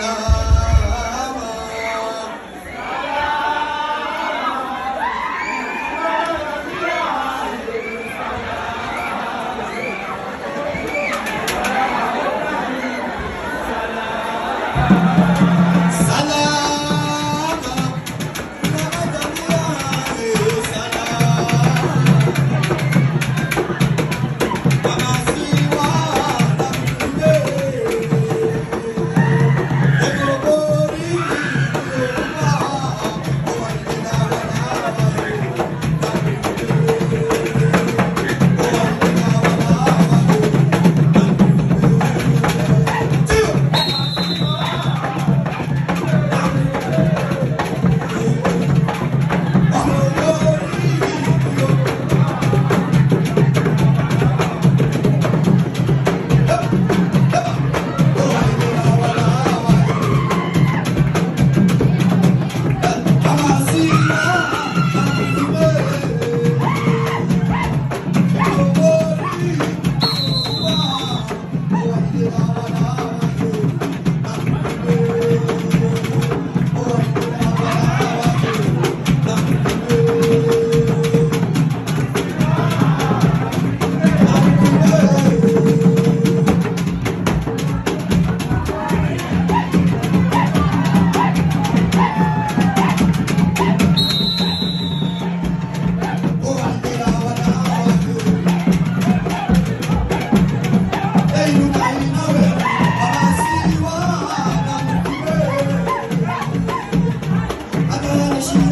Allah Thank you.